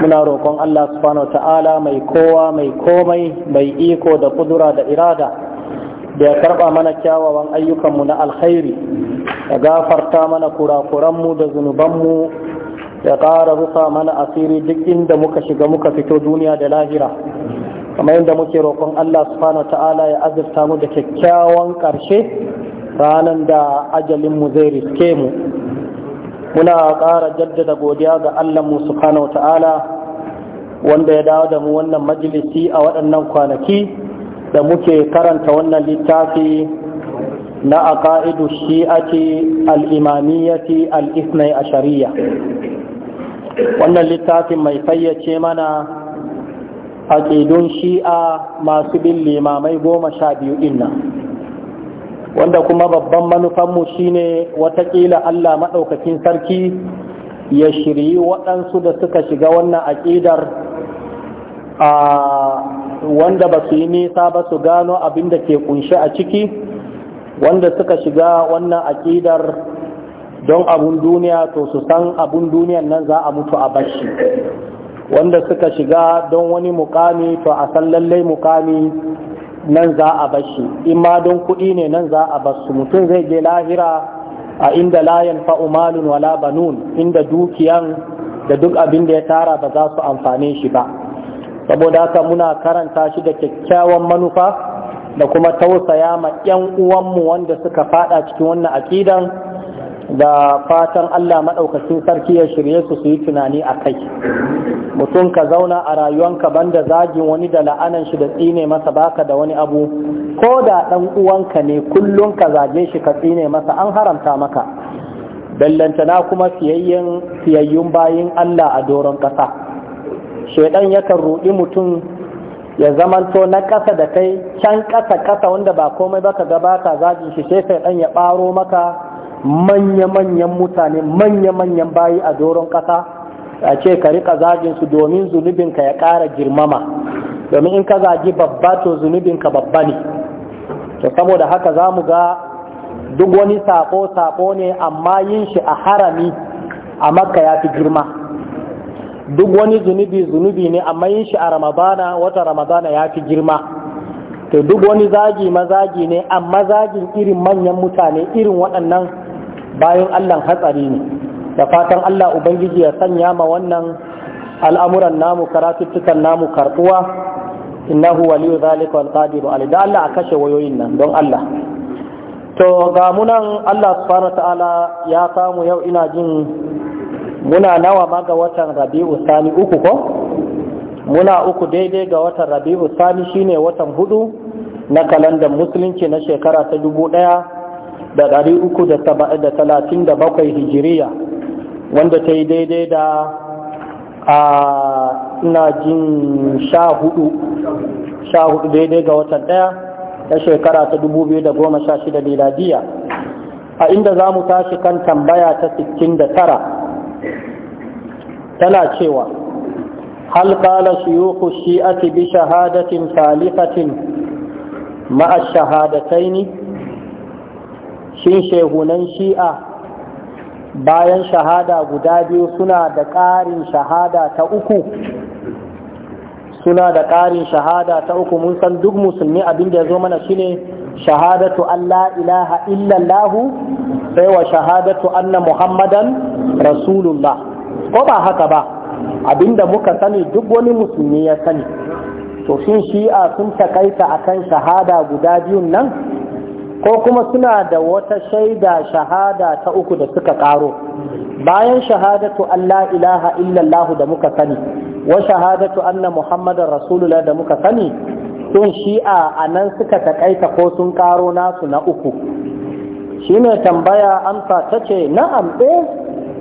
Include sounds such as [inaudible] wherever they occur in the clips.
muna roƙon Allah subhanahu ta'ala mai kowa mai komai mai iko da kudura da irada da ya karɓa mana kyawawan ayyukanmu na alkhairi ya gafarta mana kurakuranmu da zunubanmu ya ƙara rufa mana asiri duk inda muka shiga muka fito duniya da lahira kamar yadda muke roƙon Allah subhanahu ta'ala ya azurta mu da kyakkyawan ƙarshe ranar da ajalinmu zai riske mu muna ƙara jaddada godiya ga Allahnmu subhanahu ta'ala wanda ya dawo da mu wannan majalisi a waɗannan kwanaki da muke karanta wannan littafi na aqaidu shi'ati al-imamiyyati al-ithnai Shari'a. wannan littafin mai fayyace mana aqidun shi'a masu bin limamai goma sha biyu dinnan wanda kuma babban manufanmu shine watakila Allah maɗaukakin sarki ya shiryi waɗansu da suka shiga wannan aƙidar a wanda ba su yi nisa ba su gano abin da ke kunshe a ciki wanda suka shiga wannan aƙidar don abun duniya to su san abun duniyan nan za a mutu a bashi wanda suka shiga don wani mukami to a san lallai mukami nan za a bashi in ma don kuɗi ne nan za a basu mutum zai je lahira a inda layan fa'umalun wala banun inda dukiyan da duk abin da ya tara ba za su amfane shi ba saboda haka muna karanta shi da kyakkyawan manufa da kuma tausaya ma 'yan uwanmu wanda suka fada cikin wannan akidan da fatan Allah maɗaukacin sarki ya shirye su su yi tunani a kai mutum ka zauna a rayuwanka banda zagin wani da la'anan shi da tsine masa baka da wani abu ko da ɗan uwanka ne kullum ka zage shi ka tsine masa an haramta maka bellantana kuma fiyayyun bayin Allah a doron ƙasa shaidan yakan ruɗi mutum ya zamanto na ƙasa da kai can ƙasa ƙasa wanda ba komai baka gabata zagin shi sai ya ɓaro maka manya-manyan mutane manya-manyan bayi a doron kasa. a ce ka rika zagin su domin zunubinka ya kara girmama domin in ka zagi babba to zunubinka babba ne to saboda haka za mu ga duk wani sako-sako ne amma yin shi a harami a makka ya fi girma duk wani zunubi-zunubi ne amma yin shi a ramadana wata ramadana ya fi girma to duk wani zagi mazagi ne amma zagin irin manyan mutane irin waɗannan bayan Allah hatsari ne da fatan Allah ubangiji ya sanya ma wannan al'amuran namu karatuttukan namu karbuwa innahu waliyu zalika wal qadiru alai da Allah a kashe wayoyin nan don Allah to ga munan Allah subhanahu ta'ala ya samu yau ina jin muna nawa ma ga watan Rabi'u Sani uku ko muna uku daidai ga watan Rabi'u Sani shine watan hudu na kalandar musulunci na shekara ta dubu ɗaya da ɗari uku hijiriya wanda ta yi daidai da a ina jin sha hudu sha hudu daidai ga watan ɗaya ta shekara ta dubu biyu a inda za mu tashi kan tambaya ta sittin da tara tana cewa hal yi hushi shi'ati bi shahadatin salifatin ma'a shahadatai ne? shin shehunan shi'a bayan shahada guda biyu suna da ƙarin shahada ta uku suna da ƙarin shahada ta uku mun san duk musulmi abin da ya zo mana shine shahadatu Allah ilaha illallahu sai wa shahadatu anna muhammadan rasulullah ko ba haka ba abinda muka sani duk wani musulmi ya sani to shin shi'a sun takaita akan shahada guda biyun nan ko kuma suna da wata shaida shahada ta uku da suka karo bayan shahadatu Allah ilaha illallah da muka sani wa shahadatu anna muhammadar rasulullah da muka sani sun shi'a a nan suka taƙaita ko sun karo nasu na uku shine tambaya amsa ta ce na'am eh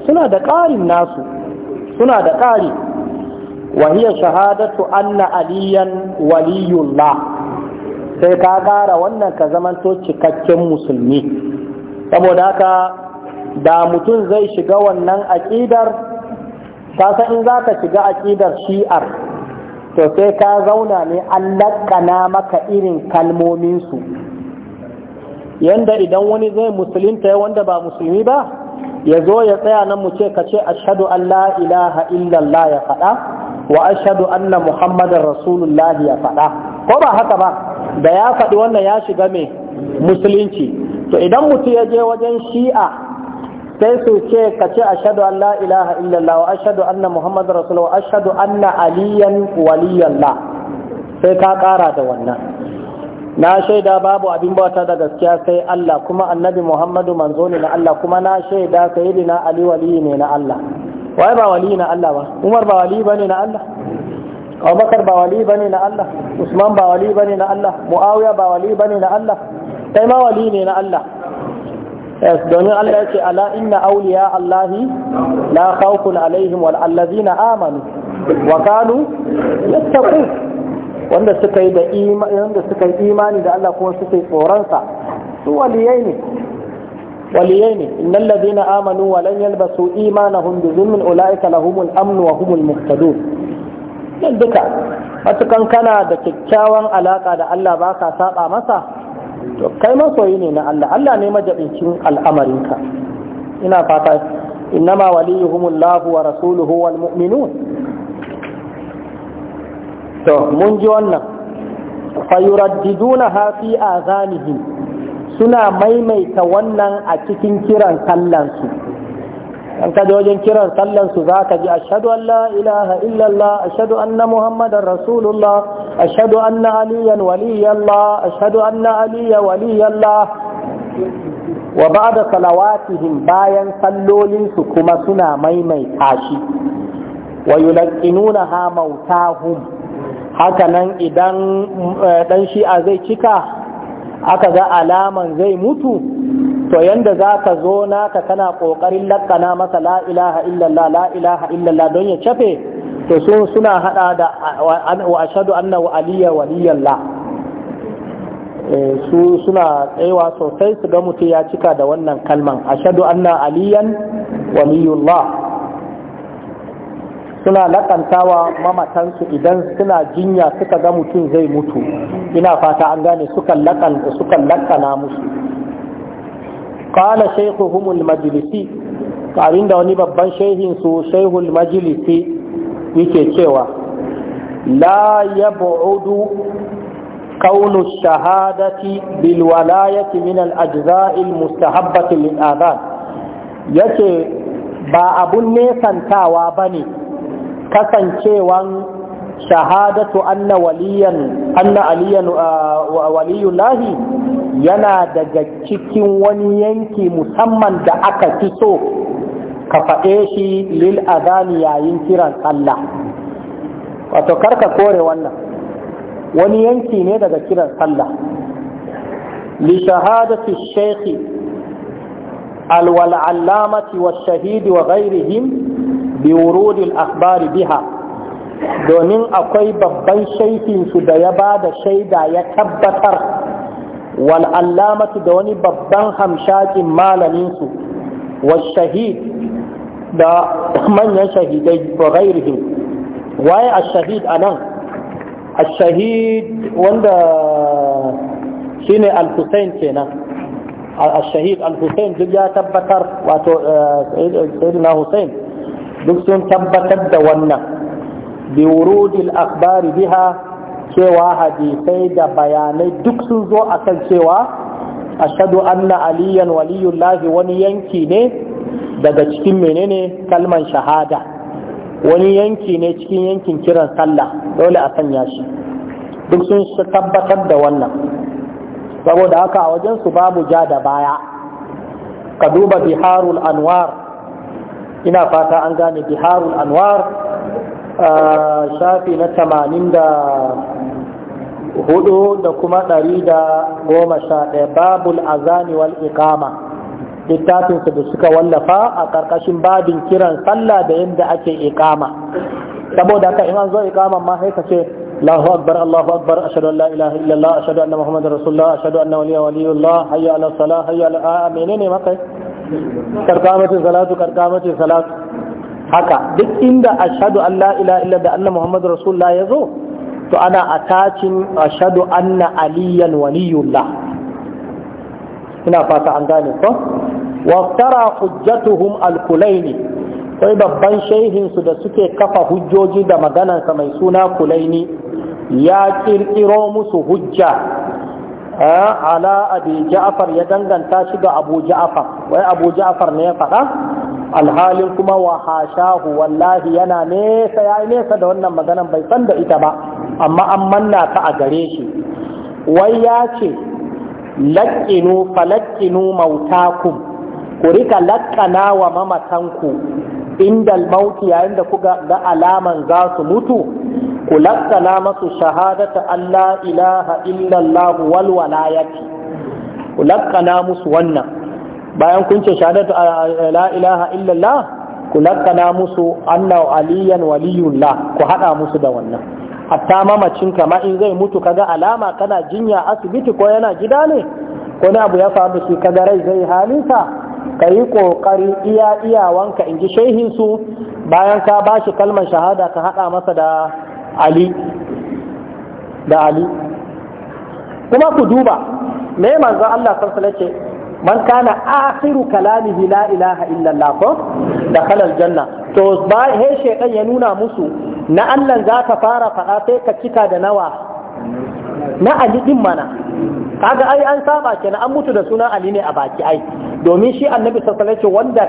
suna da ƙarin nasu suna da ƙari wa hiya shahadatu anna aliyan waliyullah sai ka ƙara wannan ka zamanto cikakken musulmi saboda haka da mutum zai shiga wannan aƙidar kasan in za ka shiga aƙidar shi'ar to sai ka zauna ne an laƙana maka irin kalmominsu yanda idan wani zai musulunta wanda ba musulmi ba ya zo ya tsaya nan mu ce ka ce ashadu an la ilaha illallah ya faɗa wa ashadu anna muhammadar rasulullahi ya faɗa ko ba haka ba da ya faɗi wannan ya shiga mai musulunci to idan mutum ya je wajen shi'a sai su ce ka ce ashadu an la ilaha illallah wa ashadu anna muhammad rasulullah wa ashadu anna aliyan waliyallah sai ka ƙara da wannan na shaida babu abin bauta da gaskiya sai Allah kuma annabi Muhammadu manzo ne na Allah kuma na shaida sayyidina Ali waliyi ne na Allah wai ba waliyi na Allah ba Umar ba ba ne na Allah Abubakar ba wali bane na Allah Usman ba wali bane na Allah Muawiya ba wali bane na Allah kai ma wali ne na Allah yes domin Allah yace ala inna awliya Allah la khawfun alaihim wal allazina amanu wa kanu yattaqun wanda suka yi da imani wanda suka yi imani da Allah kuma suka yi tsoron sa su waliyai ne waliyai ne innal ladina amanu wa lam yalbasu imanahum bi dhulmin ulaika lahumul amn wa humul muhtadun nan duka matukan kana da kyakkyawan alaka da Allah ba ka saba masa to kai masoyi ne na Allah Allah ne majabincin al'amarinka ina fata innama waliyuhumullahu wa rasuluhu wal mu'minun to mun ji wannan yuraddiduna ha fi azanihim suna maimaita wannan a cikin kiran sallansu an kaje wajen kiran sallan su za ka ji ashhadu an la ilaha illallah ashhadu anna muhammadar rasulullah ashhadu anna aliyan waliyallah ashhadu anna aliya waliyallah wa ba'da salawatihim bayan sallolin su kuma suna maimaita shi wa yulqinuna ha mautahum haka nan idan dan eh, shi'a zai cika aka ga alaman zai mutu to yanda za ka zo naka kana ƙoƙarin lakana masa la ilaha illallah la ilaha illallah don ya cafe to sun suna hada da wa ashadu anna wa aliya waliyallah eh, su suna tsayawa sosai su ga mutum ya cika da wannan kalman ashadu anna aliyan waliyullah suna lakantawa mamatansu idan suna jinya suka ga mutum zai mutu ina fata an gane sukan lakana musu qala shaykhuhum al-majlisi abin da wani babban shehin su shaykhul majlisi yake cewa la yab'udu kaunu shahadati bil walayati min al ajza'i al mustahabbati lil adhan yace ba abun nesantawa bane kasancewan shahadatu anna waliyan anna aliyan uh, waliyullahi yana daga cikin wani yanki musamman da aka fi so ka faɗe shi lil adani yayin kiran Allah, wato karka kore wannan wani yanki ne daga kiran sallah li shahadati shaykhi al wal allamati wash shahidi wa gairihim bi wurudi al akhbari biha domin akwai babban shaifinsu da ya ba da shaida ya tabbatar wal allamatu da wani babban hamshakin malaminsu wa shahid da manyan shahidai wa gairihin waye a shahid anan A shahid wanda shi ne al-Husayn nan? A shahid al-Husayn duk ya tabbatar wato eh, eh, sayyidina Husayn duk sun tabbatar da wannan bi wurudil akhbari biha cewa hadisai da bayanai duk sun zo akan cewa ashadu anna aliyan waliyullahi wani yanki ne daga cikin menene kalman shahada wani yanki ne cikin yankin kiran sallah dole a sanya shi duk sun tabbatar da wannan saboda haka a wajen su babu ja da baya ka duba biharul anwar ina fata an gane biharul anwar shafi na tamanin da hudu da kuma ɗari da goma sha ɗaya babul azani wal iqama littafinsa da suka wallafa a ƙarƙashin babin kiran sallah da yadda ake iqama saboda haka in an zo iqama ma sai ka ce haka duk inda ashadu an la illa da anna muhammadu rasulullah ya zo to ana attachin ashadu anna aliyan waliyullah ina fata an gane ko waftara hujjatuhum al-kulaini sai babban shaihinsu da suke kafa hujjoji da maganansa mai suna kulaini ya ƙirƙiro musu hujja ala abi ja'far ya danganta shi ga abu ja'far wai abu ja'far ne ya faɗa alhalin kuma wa hashahu wallahi yana nesa ya nesa da wannan maganan bai san da ita ba amma an manna ta a gare shi wai ya ce laƙinu falaƙinu mautakum ku rika laƙana wa mamatanku inda mauti yayin da kuga ga alaman za su mutu ku laƙana masu shahadata Allah ilaha illallah wal walayati ku laƙana musu wannan bayan kun ce shahadatu la ilaha illallah ku lakana musu anna aliyan waliyullah ku hada musu da wannan hatta mamacin kama in zai mutu kaga alama kana jinya asibiti ko yana gida ne ko ne abu ya faru shi kaga rai zai halinsa ka yi kokari iya iya in ji shehin su bayan ka ba shi kalmar shahada ka hada masa da ali da ali kuma ku duba me manzo Allah sallallahu alaihi Manka na ahiru kalamihi la ilaha illallah ko da kalal janna to ba he shedan ya nuna musu na Allah za fara faɗa sai ka cika da nawa na ali din mana kaga ai an saba kenan an mutu da suna ali ne a baki ai domin shi annabi sallallahu alaihi wanda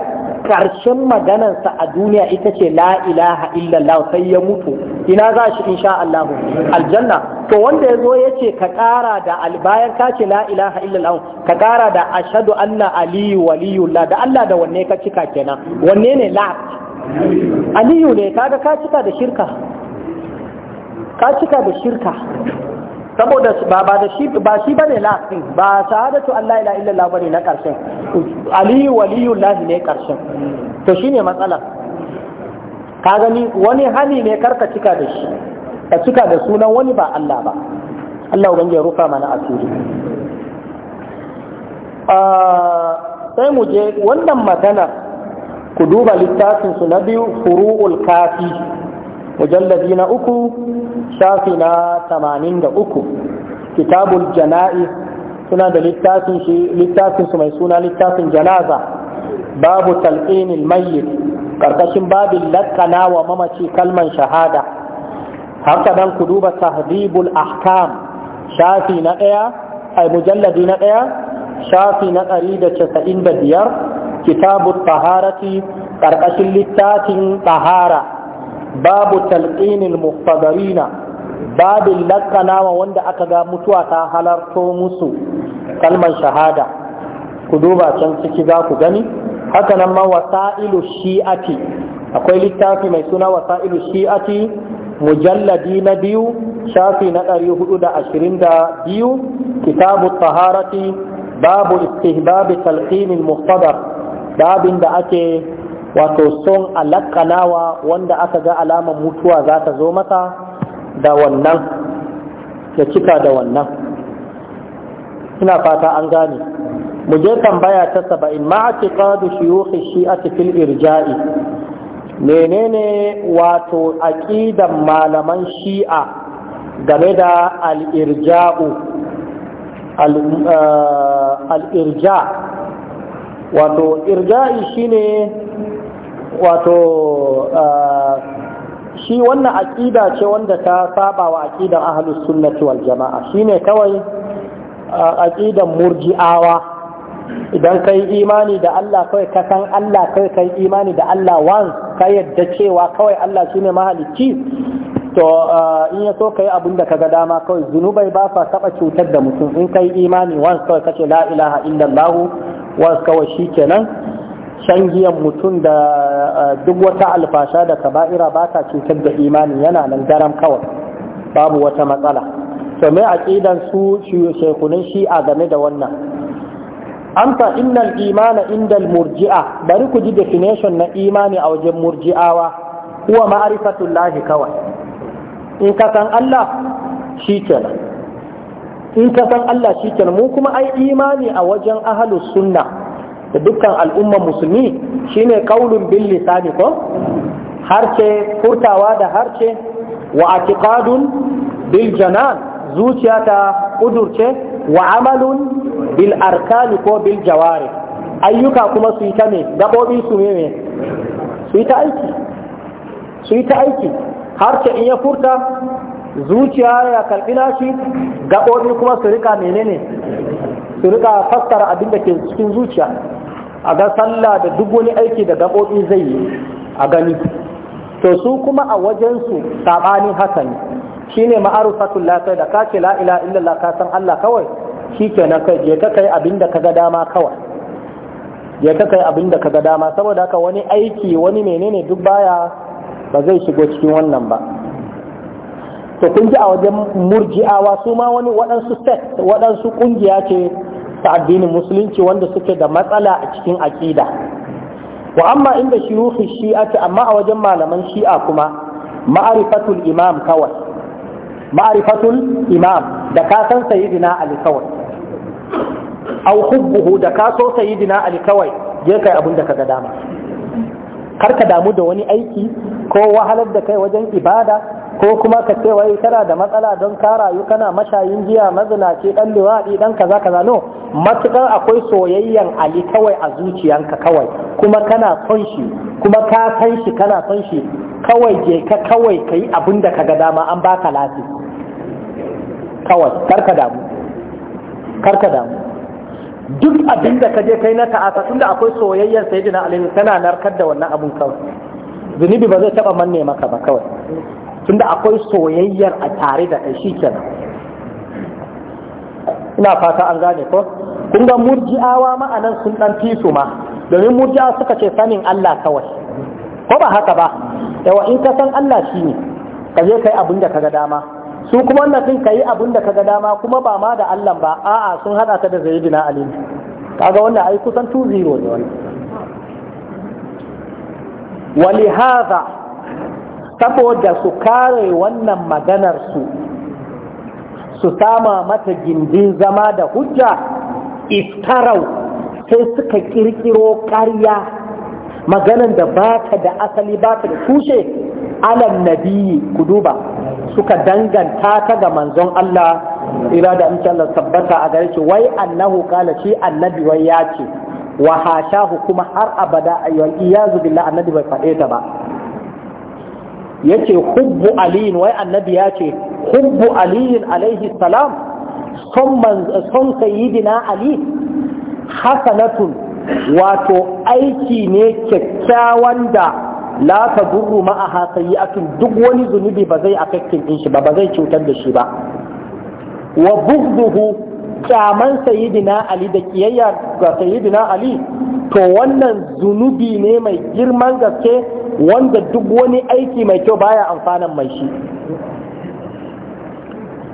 Karshen maganarsa a duniya ita ce la ilaha illallah sai ya mutu ina za shi insha Allah aljanna to wanda ya zo ya ce ka ƙara da albayar ka ce la ilaha illallah ka ƙara da ashadu anna aliyu waliyullah da Allah da wanne ka cika kenan wanne ne la aliyu ne kaga ka cika da shirka ka cika da shirka saboda ba ba da shi ba shi bane la ba shahadatu Allah ila illallah bane na karshen ali waliyullah ne karshen to shine matsala ka gani wani hali ne karka cika da shi ka cika da sunan wani ba Allah ba Allah ubangi ya rufa mana asiri ah, sai mu je wannan magana ku duba littafin su na biyu furu'ul kafi mujalladi na uku shafi na tamanin da uku kitabul jana'i suna da littafin mai suna littafin janaza babu talqinil mayyit karkashin babin lakana wa mamaci kalman shahada haka dan ku duba tahdibul ahkam shafi na daya ai mujalladi na daya shafi na biyar, kitabut taharati ƙarƙashin littafin ɗahara. babu talqinil muqtadarina babin lakkanawa wanda aka ga mutuwa ta halarto musu kalmar shahada ku duba can ciki za ku gani haka nan ma wasa'ilu shi'ati akwai littafi mai suna wasa'ilu shi'ati mujalladi na biyu shafi na ɗari hudu da ashirin da biyu kitabu taharati babu istihbabi talqinil muqtadar babin da ake wato son alakanawa wanda aka ga alamar mutuwa za ta zo masa da wannan ya cika da wannan ina fata an gane mu je tambaya ta saba'in ma'atiqadu shi a cikin irja'i menene wato aqidan malaman shi'a game da al eh, al'irja wato irja'i shine wato shi wannan aƙida ce wanda ta saba wa aƙidan ahalus sunnati wal jama'a shine kawai aƙidan murji'awa idan kai imani da Allah kawai ka san Allah kawai kai imani da Allah wan ka yadda cewa kawai Allah shine mahalicci to in ya so kai abin da kaga dama kawai zunubai ba sa taba cutar da mutum in kai imani wan kawai kace la ilaha illallah wan kawai shikenan San giyan mutum da duk wata alfasha da kaba'ira ba ta cutar da imani yana nan garam kawai babu wata matsala to a aqidan su shekunin a game da wannan amsa innal imana indal murji'a bari ku ji definition na imani a wajen murji'awa huwa ma'rifatul lahi kawai in ka san Allah shikenan in ka san Allah shikenan mu kuma ai imani a wajen ahlus sunna da dukkan al'ummar musulmi shine qaulun bil lisani ko harce furtawa da harce wa atiqadun bil janan zuciya ta kudurce wa amalun bil arkani ko bil jawari ayyuka kuma su yi ta ne, gabobi su ne su yi ta aiki su yi ta aiki harce in ya furta zuciya ya karbi nashi gaɓoɓi kuma su rika menene su rika fassara abin da ke cikin zuciya a ga sallah da duk wani aiki da gaɓoɓi zai yi a gani to su kuma a wajensu saɓanin haka ne shi ne ma'arufatun lafai da kake la'ila illallah ka san Allah kawai shi ke na kai je ka kai abin da ka ga dama kawai je ka kai abin da ka ga dama saboda haka wani aiki wani menene duk baya ba zai shigo cikin wannan ba to kun ji a wajen murji'awa su ma wani waɗansu set waɗansu ƙungiya ce ta addinin musulunci wanda suke da matsala a cikin aƙida wa amma inda shi shi'a ce amma a wajen malaman shi'a kuma ma'arifatul imam kawai ma'arifatul imam da ka san sayidina ali kawai au hubbuhu da ka so sayidina ali kawai je kai abin da ka ga dama kar ka damu da wani aiki ko wahalar da kai wajen ibada ko kuma ka ce wai kana da matsala don ka rayu kana mashayin jiya, mazinaci dan luwaɗi dan kaza kaza no matukar akwai soyayyan ali kawai a zuciyanka kawai kuma kana son shi kuma ka san shi kana son shi kawai je ka kawai kai abin da kaga dama an baka lafi kawai karka damu karka damu duk abin da ka je kai na ta'asa tunda akwai soyayyan sayyidina ali tana narkar da wannan abun kawai zunubi ba zai taba manne maka ba kawai tunda akwai soyayyar a tare da kai shikenan ina fata an gane ko kun ga murji'awa ma'anan sun dan fi su ma domin murji'a suka ce sanin Allah kawai ko ba haka ba yawa in ka san Allah shine ka je kai abin da kaga dama su kuma wannan sun kai abin da kaga dama kuma ba ma da Allah ba a'a sun hada ta da zaidina Ali kaga wannan ai kusan 2-0 ne wannan saboda su kare wannan maganar su su sama mata gindin zama da hujja iftarau sai suka kirkiro ƙarya maganar da ba da asali ba ta da tushe alam nabiyi ku duba suka danganta ta ga manzon Allah ila da insha Allah tabbata a gare shi wai annahu kala shi annabi wai ya wa hashahu kuma har abada ayyuhal iyazu billahi annabi bai faɗe ta ba yace hubbu aliyin wai annabi ya ce hubbu aliyin alaihi salam son sayidina ali hasanatun wato aiki ne kyakkyawan da la ta a ma'aha sayyi'atun duk wani zunubi ba zai affecting din shi ba ba zai cutar da shi ba wa bughduhu kyaman sayidina ali da kiyayya ga sayidina ali to wannan zunubi ne mai girman gaske wanda duk wani aiki mai kyau baya amfanan mai shi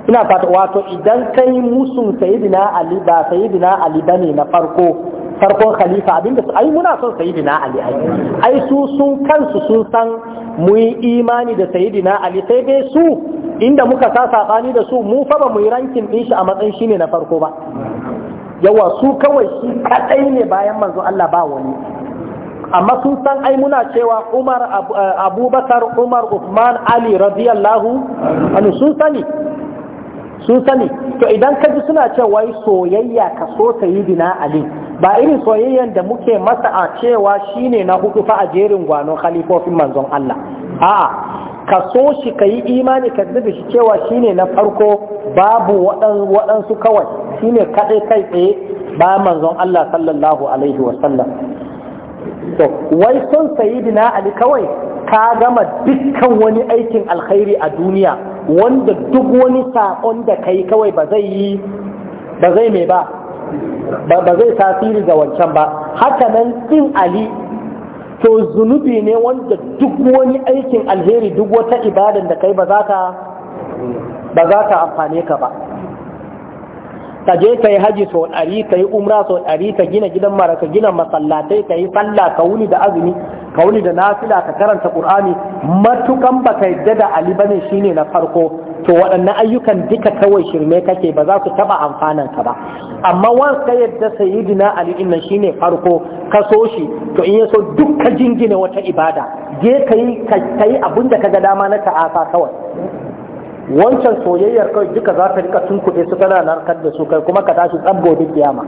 ina fata wato idan kai musun sayidina ali ba sayidina ali bane na farko farkon khalifa abinda su ai muna son sayidina ali ai ai su sun kansu sun san mu yi imani da sayidina ali sai dai su inda muka sa sabani da su mu fa ba mu yi rankin din shi a matsayin shine na farko ba yawa su kawai shi kaɗai ne bayan manzo Allah ba wani amma sun san ai muna cewa Umar eh, Abubakar Umar Uthman Ali radiyallahu anhu sun sani sun sani to idan ka ji suna cewa wai soyayya ka so ta yi dina Ali ba irin soyayyan da muke masa a cewa shine na hudu fa a jerin gwanon khalifofin manzon Allah a'a ka so shi ka yi imani ka zube shi cewa shi ne na farko babu waɗansu kawai Shi ne kaɗai kai tsaye ba manzon Allah sallallahu alaihi wasallam to wai sayi dina ali kawai ka gama dukkan wani aikin alkhairi a duniya wanda duk wani saƙon da ka yi kawai ba zai yi ba zai mai ba ba zai tasiri ga wancan ba haka nan ɗin ali to zunubi ne wanda duk wani aikin alheri duk wata ibadan da kai ba za ka amfane ka ba ka je ka yi haji sau ɗari ka yi umra sau ɗari ka gina gidan mara ka gina masallatai ka yi sallah ka wuni da azumi ka wuni da nafila ka karanta ƙur'ani. matukan ba ka yadda da ali bane shine na farko to waɗannan ayyukan duka kawai shirme kake ba za su taɓa amfanan ka ba amma wans ka yadda sayyidina ali din nan shine farko ka so shi to in yaso duk ka jingina wata ibada je ka yi abin da ka ga dama na ta'asa kawai wancan soyayyar kai duka za ta rika kuɗe su kana narkar da su kai kuma ka tashi tsabbo duk kiyama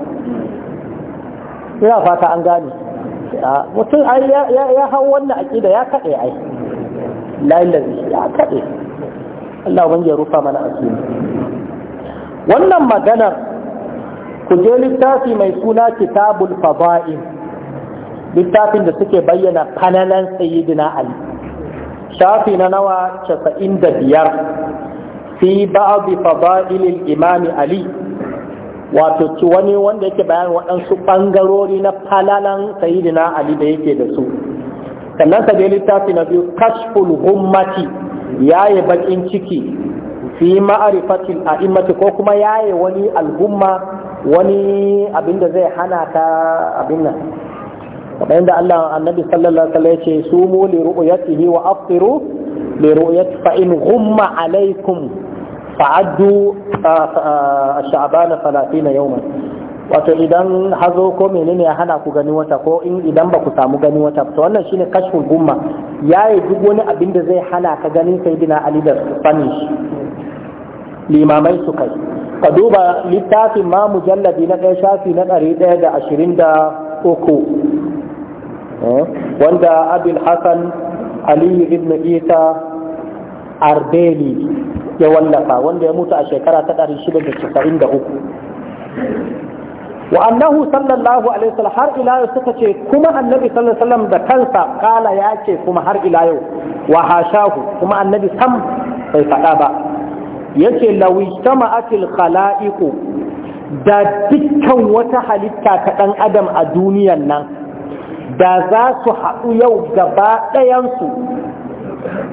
ina fata an gane mutum ya hau wannan aƙida ya kaɗe ai lailazi ya kaɗe Allah wani ya rufa mana asiri wannan maganar ku je littafi mai suna kitabul fada'il littafin da suke bayyana fananan sayyidina ali shafi na nawa casa'in da biyar fi ba'adu fada'ilil imami ali wato ci wani wanda yake bayan waɗansu ɓangarori na falalan sayidina ali da yake da su sannan sa littafi na biyu kashful hummati yaye bakin ciki fi ma'arifatil a'immati ko kuma yaye wani al'umma wani abin da zai hana ta abin nan kuma inda Allah annabi sallallahu alaihi wasallam yace sumu li ru'yatihi wa aftiru li ru'yati fa in ghumma alaikum fa'addu sha'ban 30 yawman wato idan hazo ko menene ya hana ku gani wata ko in idan ba ku samu gani wata to wannan shine kashful gumma yayi duk wani abin da zai hana ka ganin sayyidina ali da fani limamai su kai ka duba littafin ma mujalladi na ɗaya shafi na ɗari ɗaya da ashirin da uku wanda abin hassan aliyu ibn isa arbeli ya wallafa wanda ya mutu a shekara ta 693 wa annahu sallallahu alaihi wasallam har ila yau suka ce kuma annabi sallallahu alaihi wasallam da kansa kala ya ce kuma har ila yau wa hashahu kuma annabi sam bai faɗa ba yace Lawi lawistama'atil khala'iqu da dukkan wata halitta ta dan adam a duniyan nan da za su haɗu yau gaba ɗayansu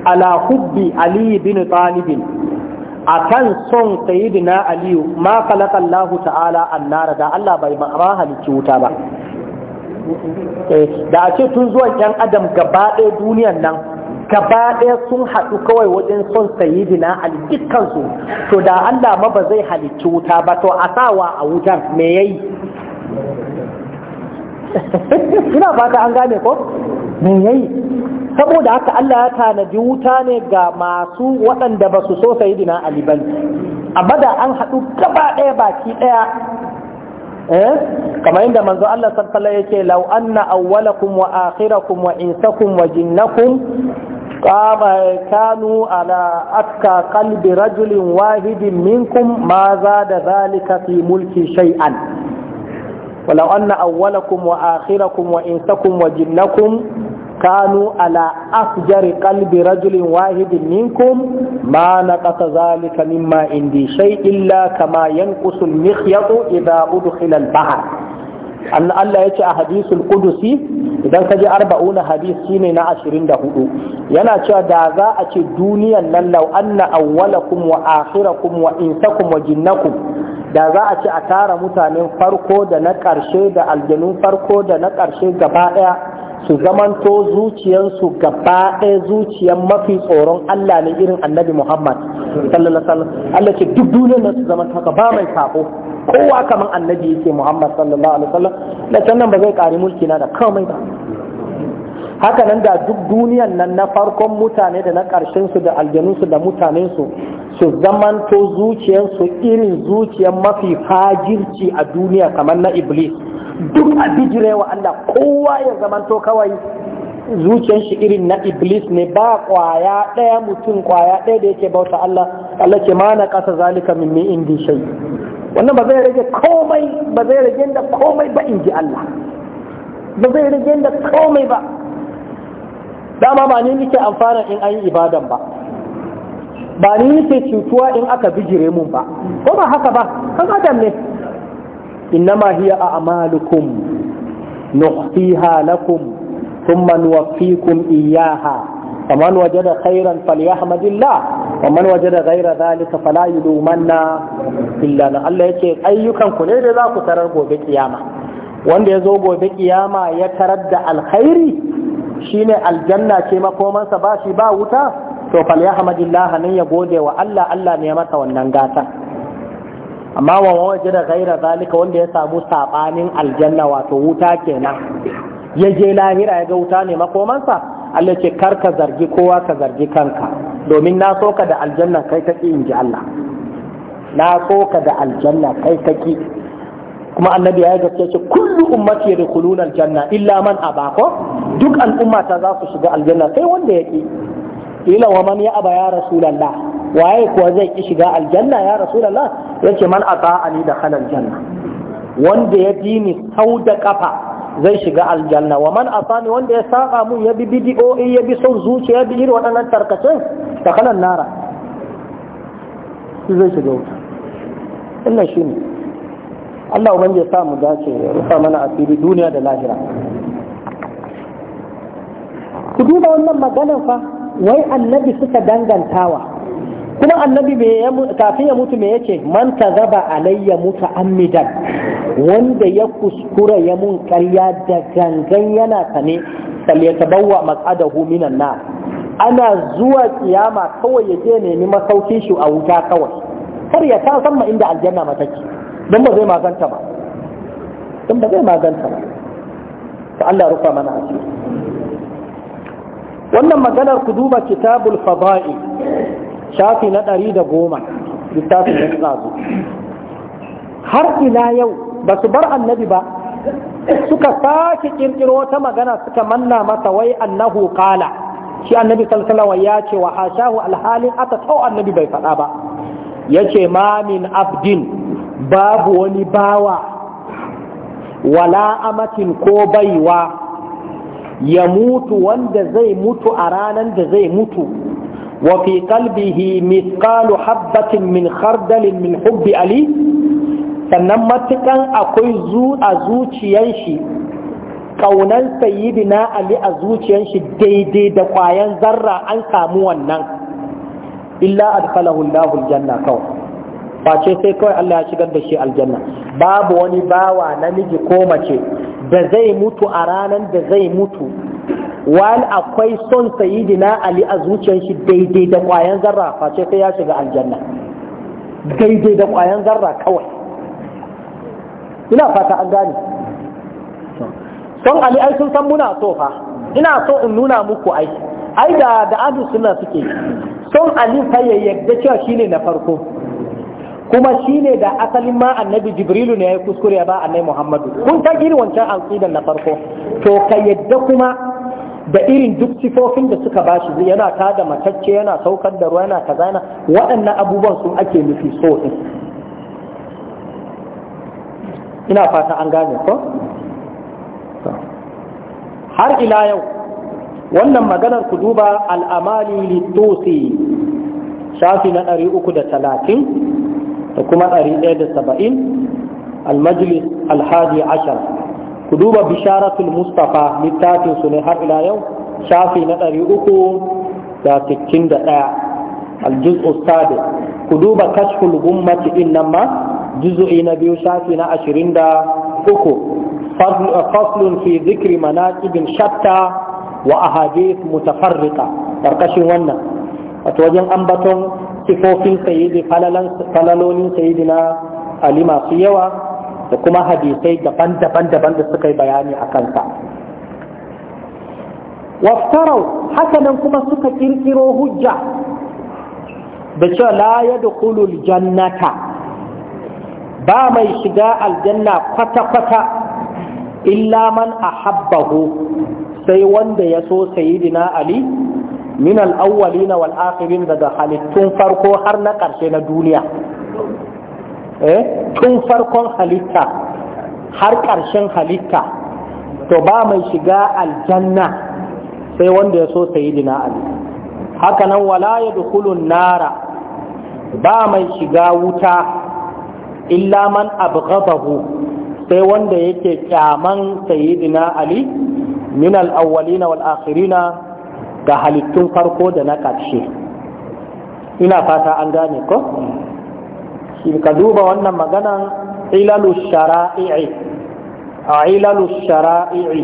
ala hubbi Ali bin Talibin a kan son sayidina Aliyu ma khalaqa ta'ala annara da Allah bai ma halicci wuta ba eh, da a ce tun zuwan ‘yan adam gaba ɗaya duniyan nan gaba ɗaya sun haɗu kawai wajen son sayidina Ali dukkansu to da Allah ma ba zai halicci wuta ba to a sawa a wutan me yayi ina fata an gane ko me yayi saboda haka Allah ya tanadi wuta ne ga masu waɗanda ba su so sayidina Ali amma abada an haɗu gaba ɗaya baki ɗaya eh kamar inda manzo Allah sallallahu alaihi yake law anna awwalakum wa akhirakum wa insakum wa jinnakum qama kanu ala atka qalbi rajulin wahidin minkum ma zada zalika fi mulki shay'an ولو أن أولكم وآخركم وإنسكم وجنكم كانوا على أفجر قلب رجل واحد منكم ما نقص ذلك مما عندي شيء إلا كما ينقص المخيط إذا أدخل البحر Allah ya ce a hadisul kudusi idan ka ji arba'una hadis shine na ashirin da hudu yana cewa da za a ce duniyan nan lau anna awwalakum wa akhirakum wa insakum wa jinnakum da za a ce a tara mutanen farko da na ƙarshe da aljanun farko da na ƙarshe gaba ɗaya su zamanto zuciyansu gaba ɗaya zuciyan mafi tsoron Allah ne irin annabi Muhammad sallallahu alaihi Allah ce duk duniyar nan su zamanto haka ba mai sako kowa kamar annabi yake Muhammad sallallahu alaihi wasallam da sannan ba zai ƙari mulki na da komai ba haka nan da duk duniyar nan na farkon mutane da na ƙarshen su da aljanunsu da mutanen su zamanto zuciyarsu irin zuciyar mafi fajirci a duniya kamar na Iblis duk a bijire wa Allah kowa ya zamanto kawai zuciyar shi irin na iblis ne ba kwaya ɗaya mutum kwaya ɗaya da yake bauta Allah Allah ke mana ƙasa zalika min ni indi shai wannan ba zai rage komai ba zai rage da komai ba in ji Allah ba zai rage da komai ba dama ba ni nake amfana in an yi ibadan ba ba ni nake cutuwa in aka bijire mun ba ko ba haka ba kan adam ne Inna innama hiya a'malukum nuhsiha lakum thumma nuwaffikum iyyaha faman wajada khairan falyahmadillah faman wajada ghaira dhalika fala yulumanna illa na Allah yace ayyukan ku ne da za ku tarar gobe kiyama wanda ya zo gobe kiyama ya tarar da alkhairi shine aljanna ce makomansa ba shi ba wuta to falyahmadillah nan ya gode wa Allah Allah ne masa wannan gata amma wa waje da gaira zalika wanda ya samu saɓanin aljanna wato wuta kenan ya je lahira ya ga wuta ne makomansa Allah ce kar ka zargi kowa ka zargi kanka domin na so ka da aljanna kai ta ki inji Allah na so ka da aljanna kai ta ki kuma annabi ya gaske ce kullu ummati yadkhuluna aljanna illa man abako duk al'umma ta za su shiga aljanna sai wanda ya ki ila wa man ya aba ya rasulullah waye kuwa zai ki shiga aljanna ya rasulullah yace man ata'ani da khalal janna wanda ya dini sau da kafa zai shiga aljanna wa man asani wanda ya saba mun ya bi bidi'o'i ya bi son zuciya bi irin waɗannan tarkace? da khalal nara zai shiga wuta shi shine Allah ubangiji ya sa mu dace ya rufa mana asiri duniya da lahira ku duba wannan maganar fa wai annabi suka dangantawa kuma annabi kafin ya mutu me yace man kazaba alayya Amidan wanda ya kuskura ya mun karya da gangan yana sane falyatabawwa maq'adahu minan nar ana zuwa kiyama kawai ya je nemi masaukin shi a wuta kawai kar ya ta san ma inda aljanna ma take don ba zai maganta ba don ba zai maganta ba to Allah rufa mana asiri wannan maganar ku duba kitabul fada'i shafi na ɗari da goma littafin ya tsazo har ila yau ba su bar annabi ba suka sake kirkiro wata magana suka manna masa wai annahu kala shi annabi sallallahu ya ce wa hashahu alhalin aka tau annabi bai faɗa ba yace ma min abdin babu wani bawa wala amatin ko baiwa ya mutu wanda zai mutu a ranar da zai mutu وفي قلبه مثقال حبة من خردل من حب علي sannan matukan akwai zu a zuciyan shi ƙaunar sayyidina ali a zuciyan shi daidai da ƙwayan zarra an samu wannan illa adkhalahu Allahul janna kawai face sai kawai Allah ya shigar da shi aljanna babu wani bawa namiji ko mace da zai mutu a ranar da zai mutu wal akwai son sayidina ali a zuciyar shi daidai da kwayan zarra face sai ya shiga aljanna daidai da kwayan zarra kawai ina fata an gane son ali ai sun san muna so fa ina so in nuna muku ai ai da da adu suna suke son ali fa ya yadda cewa shine na farko kuma shine da asalin ma annabi jibrilu ne ya kuskure ba annabi muhammadu kun ta giri wancan alqidan na farko to ka yadda kuma da irin duk sifofin da suka bashi yana tada matacce yana saukar da ruwa yana kazana waɗannan abubuwan sun ake nufi so ina fata an gane ko har ila yau wannan maganar ku duba al'amali litosi shafi na 330 da kuma 170 al-majlis al-hadi ashar ku duba bisharatul mustafa littafin su ne har ila yau shafi na ɗari uku da sittin da ɗaya aljuz ustadi ku duba kashful gummati din nan ma juz'i na biyu shafi na ashirin da uku eh, faslun fi zikri manaqibin shatta wa ahadith mutafarriqa ƙarƙashin wannan wato wajen ambaton sifofin sayyidi falalolin sayyidina ali masu yawa da kuma hadisai daban-daban daban da suka yi bayani a kansa waftarau hakanan kuma suka kirkiro hujja da cewa la ya jannata ba mai shiga aljanna kwata-kwata illa man a habbahu, sai wanda ya so sayidina ali min al'awwali wal akhirin daga halittun farko har na ƙarshe na duniya Eh? tun farkon halitta har ƙarshen halitta to ba mai shiga aljanna sai wanda ya so dina ali hakanan wala ya dukulun nara ba mai shiga wuta illa man abu sai wanda yake kyaman dina ali min al-awwalina wal akhirina ga halittun farko da na ƙarshe ina fata an gane ko ka duba wannan maganan ilalu shara'i'i a ilalu shara'i'i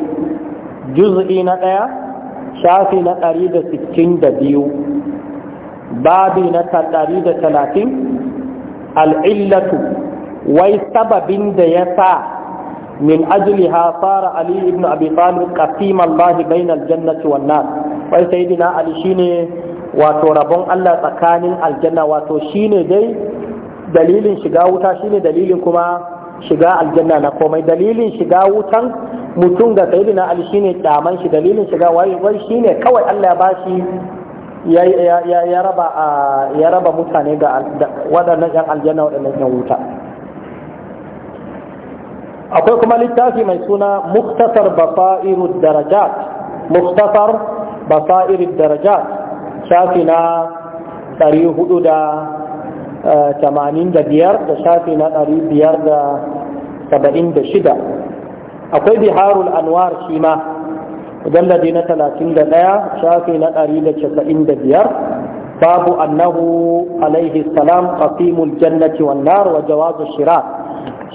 juz'i na ɗaya shafi na ɗari da sittin da biyu babi na ɗari da talatin al'illatu wai sababin da ya sa من أجلها صار علي ibnu أبي طالب قسيم الله بين الجنة والنار wai sai dina ali shine wato rabon Allah tsakanin aljanna wato shine dai dalilin shiga wuta shine dalilin kuma shiga aljanna na komai dalilin shiga wutan mutum ga sayyidina ali shine daman shi dalilin shiga wai wai shine kawai Allah ya bashi ya ya ya raba ya raba mutane ga waɗannan yan aljanna waɗannan yan wuta akwai kuma littafi mai suna muktasar basairu darajat muktasar basairu darajat shafi na 400 85 da shafi na 576 akwai biharul anwar shi ma mujalladi na 31 shafi na 195 babu annahu alaihi salam qasimul jannati wan nar wa jawazu shirat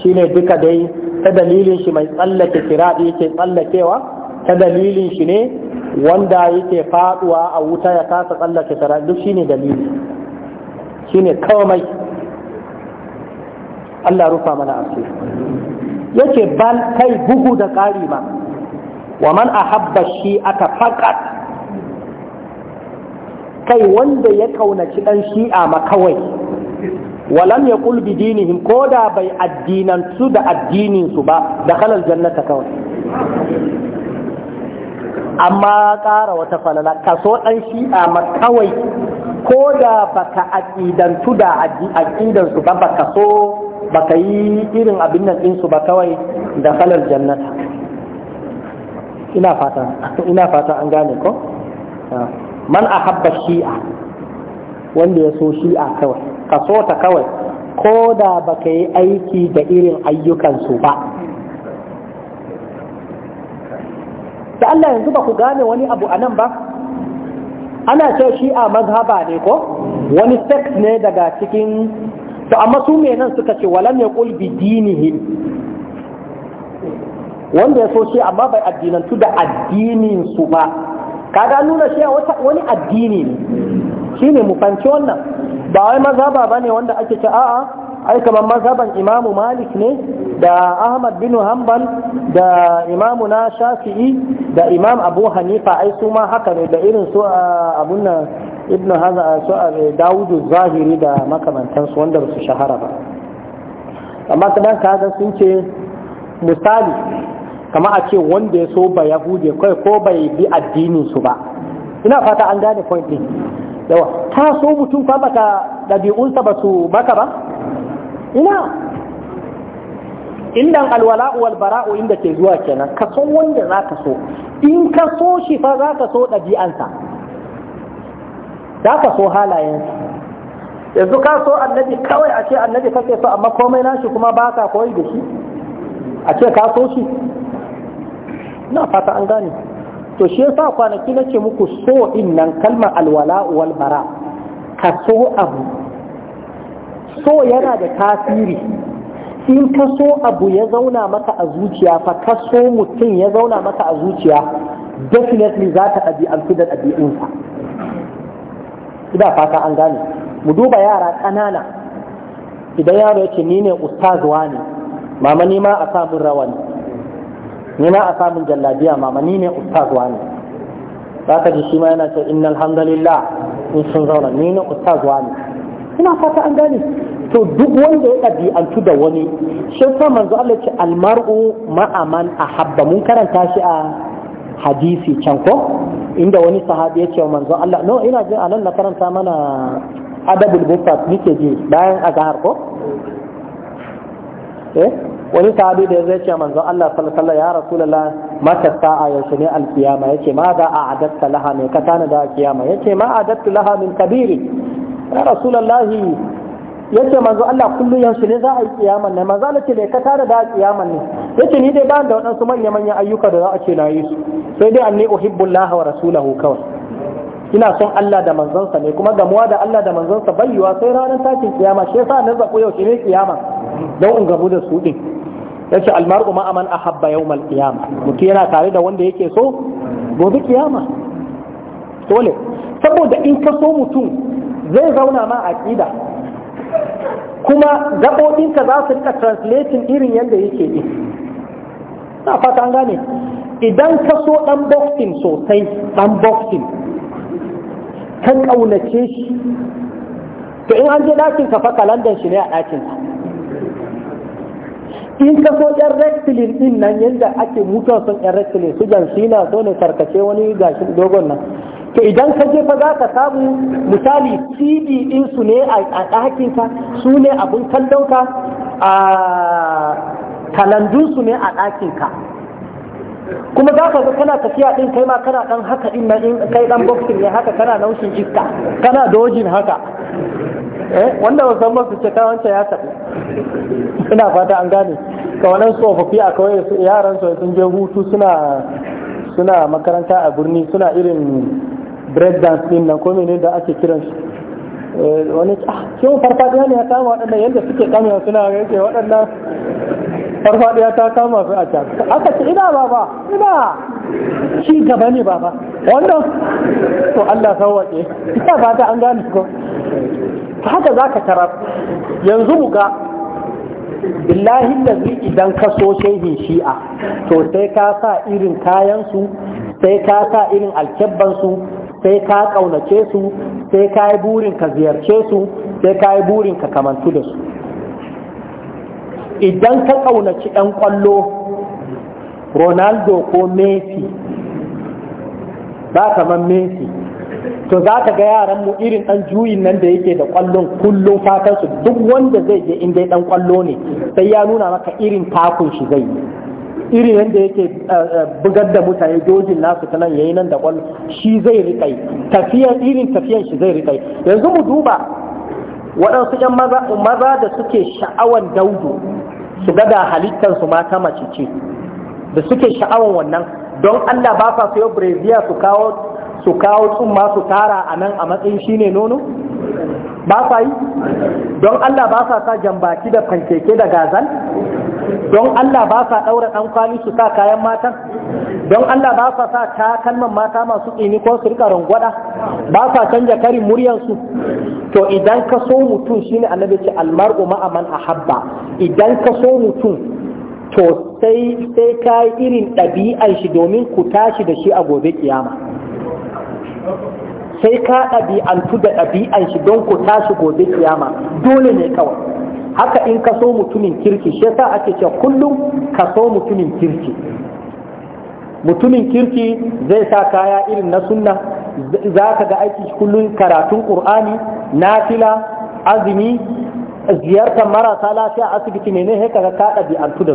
shine duka dai ta dalilin shi mai tsallake siradi yake tsallakewa ta dalilin shi ne wanda yake faduwa a wuta ya kasa tsallake siradi duk shine dalili shine komai Allah rufa mana asiri yake bal kai bugu da ƙari ba wa man ahabba shi aka fakat kai wanda ya kaunaci ɗan shi'a ma kawai walam ya kulbi dinihim ko da bai addinansu da addininsu ba da kalar jannata kawai amma ƙara wata falala kaso ɗan shi'a ma kawai ko da baka aƙidantu da aƙidansu ba baka so baka yi irin abin nan ɗinsu ba kawai da kalar jannata ina fata an gane ko ah. man a habba shi'a wanda ya so shi'a kawai ka so ta kawai ko da baka yi aiki da irin ayyukansu ba da Allah yanzu ba ku gane wani abu a nan ba ana ce shi'a mazhaba ne ko wani sex ne daga cikin to amma su me nan suka ce walam yaqul bi dinihi wanda ya so shi amma bai addinantu da addinin su ba kaga nuna shi wani addini ne shine mu fanci wannan ba wai mazhaba bane wanda ake ce a'a ai kamar mazhaban imamu malik ne da ahmad bin hanbal da imamu na shafi'i da imam abu hanifa ai su ma haka ne da irin su abun nan ibnu haza su a dawudu zahiri da makamantansu wanda ba su shahara ba amma ka ga sun ce misali kama a ce wanda ya so ba yahude kai ko bai bi addinin su ba ina fata an gane point din yawa ta so mutum fa baka dabi'unsa ba su baka ba ina indan alwala'u wal bara'u inda ke zuwa kenan ka san wanda za ka so in ka so shi fa za ka so ɗabi'ansa za ka so halayensa yanzu ka so annabi kawai a ce annabi kake so amma komai nashi kuma ba ka koyi da shi a ce ka so shi na fata an gane to shi yasa kwanaki nake muku so in nan kalmar alwala'u wal bara ka so abu so yana da tasiri in ka so abu ya zauna maka a zuciya fa ka so mutum ya zauna maka a zuciya definitely za ta ɗabi'antu da ɗabi'unsa ina fata an gane mu duba yara ƙanana idan yaro yake ni ne ustazuwa ne mama ni ma a samun rawani ni ma a samun jallabiya mama ni ne ustazuwa ne za ka ji shi ma yana ce innal hamdalillah in sun zauna ni ne ustazuwa ne ina fata an gane to duk wanda ya ɗabi'antu da wani sun sa manzo Allah ce almar'u ma'aman habba mun karanta shi a hadisi can ko inda wani sahabi ya ce wa manzo Allah no ina jin anan na karanta mana adabul bukat nike ji bayan a zahar ko eh wani sahabi da zai ce manzo Allah sallallahu alaihi ya rasulullah mata sa'a yaushe ne alkiyama yace ma za a adatta laha mai ka tana da kiyama yace ma adattu laha min kabiri ya rasulullah yace manzo Allah kullu yansu ne za a yi kiyaman ne manzo Allah ce bai ka tare da kiyaman ne yace ni dai ba da wadansu manya manyan ayyuka da za a ce na yi su sai dai anni uhibbullaha wa rasulahu kawai ina son Allah da manzonsa ne kuma gamuwa da Allah da manzonsa bayyuwa sai ranar takin kiyama shi yasa na zaku yau ne kiyama don in gabu da su din yace almar'u ma aman ahabba yawmal qiyama mutum yana tare da wanda yake so gobe kiyama dole saboda in ka so mutum zai zauna ma aqida kuma gaɓoɓinka za su rika translating irin yadda yake ɗi na fata an gane idan ka so ɗan boxing sosai ɗan boxing ka ƙaunace shi to in an je ɗakin ka fa kalandar shi ne a ɗakin in ka so yan rectilin din nan yadda ake mutuwa son yan rectilin su jansi na so ne karkace wani gashin dogon nan to idan ka je za ka samu misali cd din su ne a ɗakin ka su ne abin kallon ka a kalandun su ne a ɗakin ka kuma za ka ga kana tafiya din kai ma kana dan haka din in kai ɗan boxing ne haka kana naushin iska kana dojin haka Eh, wanda ba san su ce kawance ya taɓa ina fata an gane kamar nan tsofaffi a kawai yaran su sun je hutu suna makaranta a birni suna irin breakdance din nan ko ne da ake kiran shi eh, wani ah, kyau farfadiya ne ya kama waɗannan yadda suke kamewa suna yake waɗannan farfadiya ta kama su a can aka ce ina baba ina ci gaba ne baba wannan to Allah sauwaƙe ina fata an gane ko ta haka za ka tarar yanzu mu ga da idan ka so shehin shi'a to sai ka sa irin kayansu sai ka sa irin alkebbansu, sai ka ƙaunace su sai ka yi burin ka ziyarce su sai ka yi burin ka kamantu da su idan ka ƙaunaci ɗan ƙwallo ronaldo ko messi ba kamar messi to za ka ga yaran mu irin dan juyin nan da yake da kwallon kullum fatan su duk wanda zai je in dai dan kwallo ne sai ya nuna maka irin takun shi zai irin yadda yake eh, eh, bugar da mutane jojin nasu ta nan yayi nan da kwallo shi zai riƙai tafiyan irin tafiyan shi zai riƙai yanzu mu duba waɗansu ƴan maza da suke sha'awan daudu su ga da ma mata mace ce da suke sha'awan wannan don Allah ba sa sayo breziya su kawo su kawo tsumma su tara a nan a matsayin shine nono ba sa yi don Allah ba sa sa jambaki da fankeke da gazal don Allah ba sa ɗaura ɗan kwali su sa kayan matan don Allah ba sa sa takalman mata masu tsini ko su rika rangwada ba sa canja karin muryansu to idan ka so mutum shine annabi ce almar'u a man ahabba idan ka so mutum to sai sai yi irin ɗabi'an shi domin ku tashi da shi a gobe ƙiyama. sai ka ɗabi'antu da ɗabi'an shi don ku tashi gobe kiyama dole ne kawai haka in ka so mutumin kirki shi yasa ake cewa kullum ka so mutumin kirki mutumin kirki zai sa kaya irin na sunna za ka ga aiki kullum karatun ƙur'ani nafila azumi ziyartar marasa lafiya asibiti ne ne sai kaga ka da su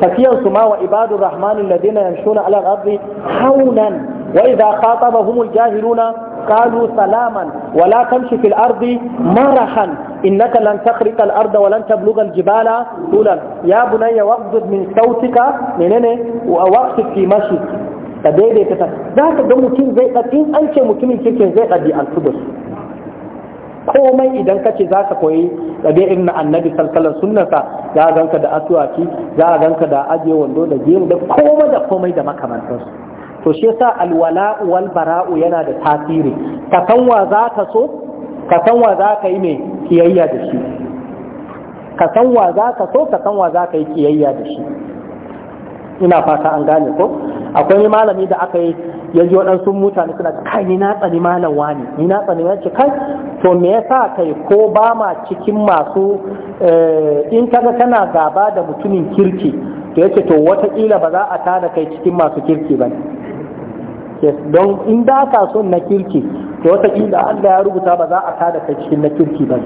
tafiyar su ma wa ibadur rahmanin ladina yamshuna ala al-ardi haunan wa idza khatabahum al-jahiluna qalu salaman wa la tamshi fil ardi marahan innaka lan takhriqa al-ard wa lan tablugha al-jibala ya bunayya waqdud min sautika menene wa waqti fi mashi ka daidaita ta za ka ga mutum zai ɗabi an ce mutumin kirkin zai ɗabi'antu da su komai idan kace za ka koyi ɗabi'in na annabi salkalar sunnarsa za a ganka da asuwaki za a ganka da ajiye wando da gemu da komai da komai da makamantarsu to shi yasa alwala wal bara'u yana da tasiri ka san wa za ka so ka san wa za ka yi mai kiyayya da shi ka san za ka so ka san za ka yi kiyayya da shi ina fata an gane ko akwai malami da aka yi Yanzu waɗansu mutane suna kai ni na tsani malam wani ni na tsani ya ce kai to me yasa kai ko ba ma cikin masu eh, in kaga kana gaba da mutumin kirki to yace to wataƙila ba za a tada kai cikin masu kirki ba don in da ka son na kirki to wataƙila Allah ya rubuta ba za a tada kai cikin na kirki ba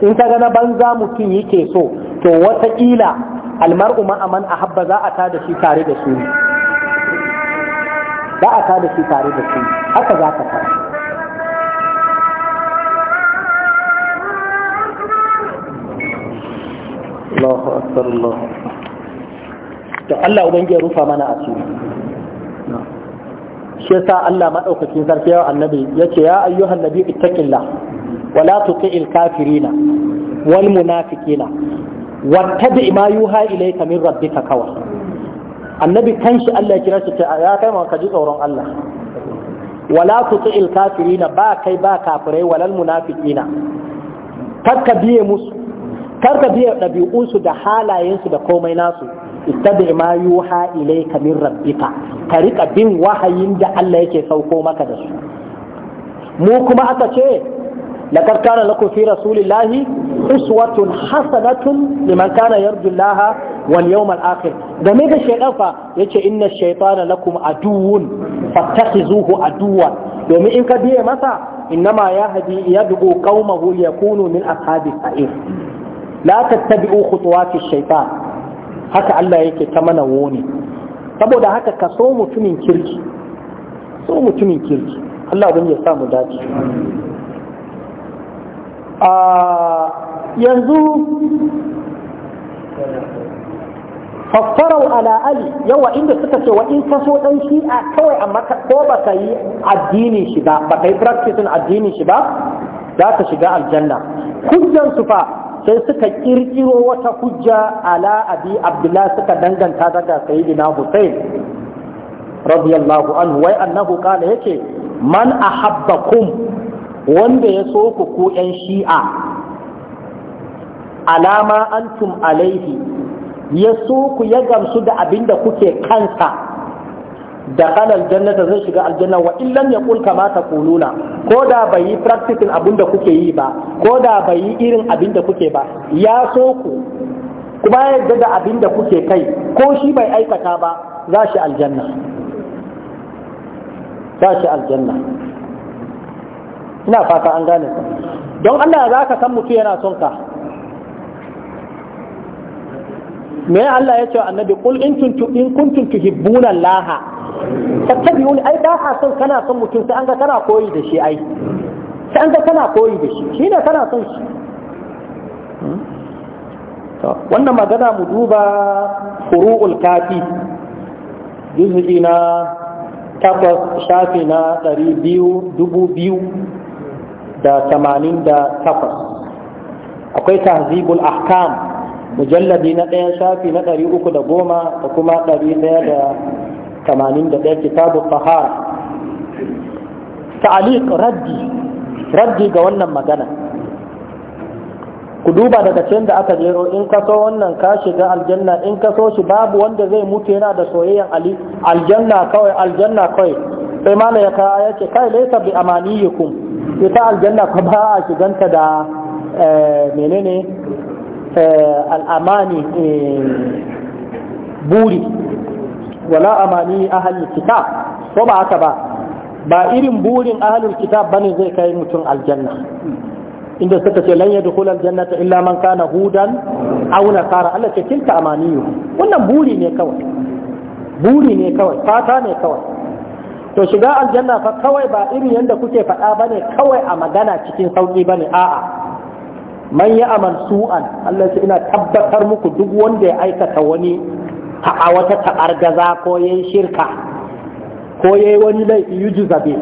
in kaga na banza mutum yake so to wataƙila almar'u ma'aman ahabba za a tada shi tare da su ne ba a tada shi tare da shi haka za ka fara Allahu akbar Allah to Allah ubangiji rufa mana a cikin. shi yasa Allah madaukakin sarki ya annabi ya ce, ya ayyuhan nabi ittaqillah wa la tuti'il kafirina wal munafiqina wattabi ma yuha ilayka min rabbika kawai annabi kanshi Allah ya kira shi ya kai ma ji tsoron Allah wala tuti'il kafirina ba kai ba kafirai walal munafiqina kar biye musu kar ka biye ɗabi'unsu da halayensu da komai nasu ittabi ma yuha ilayka min rabbika ka rika bin wahayin da Allah yake sauko maka da su mu kuma aka ce لقد كان لكم في رسول الله أسوة حسنة لمن كان يرجو الله Wani yawmal akhir game da shaytan fa yace inna shaytana lakum aduwwun fattakhizuhu aduwwa domin in ka biya masa innama yahdi yad'u ya liyakunu min ashabi sa'ir la tattabi'u khutuwati shaytan haka Allah yake ta mana woni saboda haka ka so mutumin kirki so mutumin kirki Allah bin ya dace ah, yanzu fasfarau ala ali yawa inda suka ce wa in ka so dan shi'a kawai amma ko ba ka yi addinin shi ba ba ka yi practicing addinin shi ba za ka shiga aljanna hujjan su fa sai suka kirkiro wata hujja ala abi Abdullahi suka danganta daga sayyidina husain radiyallahu anhu wai annahu kala yace man ahabbakum wanda ya so ku ko yan shi'a alama antum alaihi ya so ku ya gamsu da abin da kuke kansa da kanal jannata zai shiga aljanna wa illan ya kulka ma ta kuluna ko da bai yi practicing abin da kuke yi ba ko da bai yi irin abin da kuke ba ya so ku kuma yadda da abin da kuke kai ko shi bai aikata ba za shi aljanna za shi aljanna ina fata an gane don Allah za ka san mutu yana son ka me Allah ya ce wa annabi qul in kuntum in kuntum tuhibbuna Allah fattabi'uni ai ba ka son kana son mutum sai an ga kana koyi da shi ai sai an ga kana koyi da shi shine kana son shi to wannan magana mu duba furu'ul kafi juz'i na takwas shafi na ɗari biyu dubu biyu da tamanin da takwas akwai tahzibul ahkam mujalladi na ɗaya shafi na ɗari uku da goma da kuma ɗari ɗaya da tamanin da ɗaya kitabu fahara ta'aliq raddi raddi ga wannan magana ku duba daga can da aka jero in ka so wannan ka shiga aljanna in ka shi babu wanda zai mutu yana da soyayyan ali aljanna kawai aljanna kawai sai mana ya ka ya ce kai laisa bi amaniyikum ita aljanna ka ba a shiganta da eh, menene Eh, al'amani eh, buri wala amani ahalul kitab ko ba haka ba ba irin burin ahalul kitab bane zai kai mutum aljanna inda suka ce lan yadkhul aljannata illa man kana hudan aw nasara Allah ce wannan buri ne kawai buri ne kawai fata ne kawai to shiga aljanna fa kawai ba irin yanda kuke faɗa bane kawai a magana cikin sauki bane a'a man ya amal su'an Allah ce ina tabbatar muku duk wanda ya aikata wani a wata ta'argaza ko yayin shirka ko yi wani laifi yujza bi